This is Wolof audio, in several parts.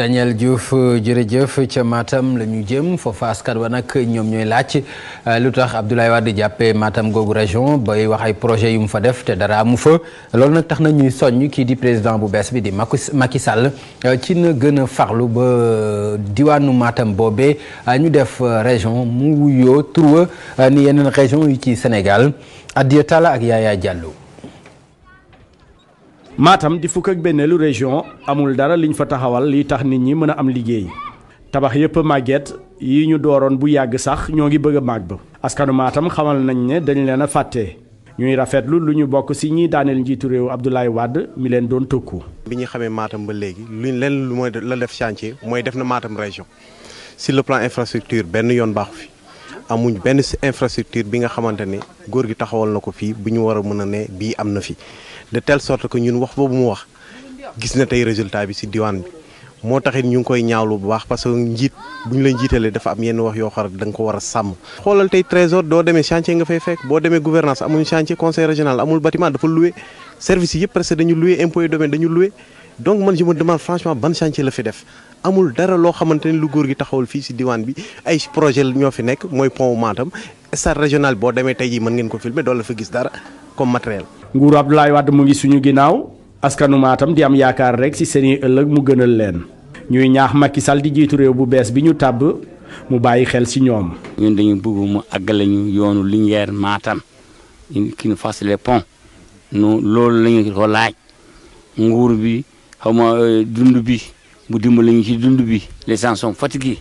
Daniel Diouf jërëjëf ca Matam la ñu jëm foofa askan wa nag ñoom ñooy laaj eh, lu tax Abdoulaye Wade jàppee maatam googu région bay wax ay projet yu mu fa def te dara amu fa loolu nag tax na ñuy soññ kii di président bu bees bi di Macky Sall eh, ci na gën a farlu ba diwaanu Matam boobee eh, ñu def région mu wuyoo trouwa ni yeneen région yi ci Sénégal Adia Talla ak Yaya Diallo maatam di fukk ak benneelu région amul dara liñ fa taxawal li tax nit ñi mën a am liggéey tabax yëpp màgget yi ñu dooroon bu yàgg sax ñoo ngi bëgg a màgg ba askanu Matam xamal nañ ne dañ leen a fàtte ñuy rafetlu lu ñu bokk si ñi daaneel njiitu réew Abdoulaye wàdd mi leen doon tëkku. bi ñu xamee maatam ba léegi luñ leen lu mooy la def chantier mooy def na maatam région si le plan infrastructure benn yoon baaxu fi. amuñ benn infrastructure bi nga xamante ne góor gi taxawal na ko fii bu ñu war a mën a ne bii am na fi de telle sorte que ñun wax boobu mu wax gis na tey résultat bi ci diwaan bi moo taxit ñu koy ñaawlu baax parce njiit bu ñu la njiitalee dafa am yenn wax yoo xam ko war a sàmm. xoolal tey trésor doo demee chantier nga fay fekk boo demee gouvernance amul chantier conseil régional amul bâtiment dafa loué service yëpp presque dañu loué impôt et domaine dañu loué donc man je me franchement ban chantier la fi def. amul dara loo xamante lu góor gi taxawul fii si diwaan bi ay projet ñoo fi nekk mooy pont Matam stade régional boo demee tey jii mën ngeen ko doo la fa gis dara comme matériel. nguuru askanu Matam di am yaakaar rek ci seeni ëllëg mu gënal leen ñuy ñaax Macky Sall di jiitu réew bu bees bi ñu tàbb mu bàyyi xel ci ñoom. ñun dañu bëgg mu àggale ñu yoonu Linguère Matam ki ñu fasse les ponts nu loolu lañu ko laaj nguur bi xaw ma euh, dund bi bu dimbali ñu ci dund bi les gens sont fatigués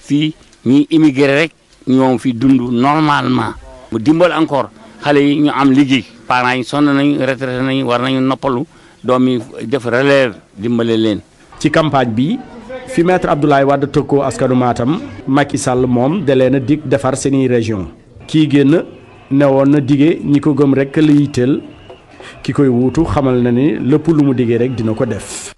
fii ñuy immigré rek ñoom fi dund normalement. mu dimbal encore xale yi ñu am liggéey parents yi sonn nañu retraité nañu war nañu noppalu. doom yi def relève dimbale leen. ci campagne bi fi maître Abdoulaye Wade tëkkoo askanu maatam Macky Sall moom dalee a dikk defar seeni région kii génn woon na digee ñi ko gëm rek la yitteel ki koy wuutu xamal na ni lépp lu mu digee rek dina ko def.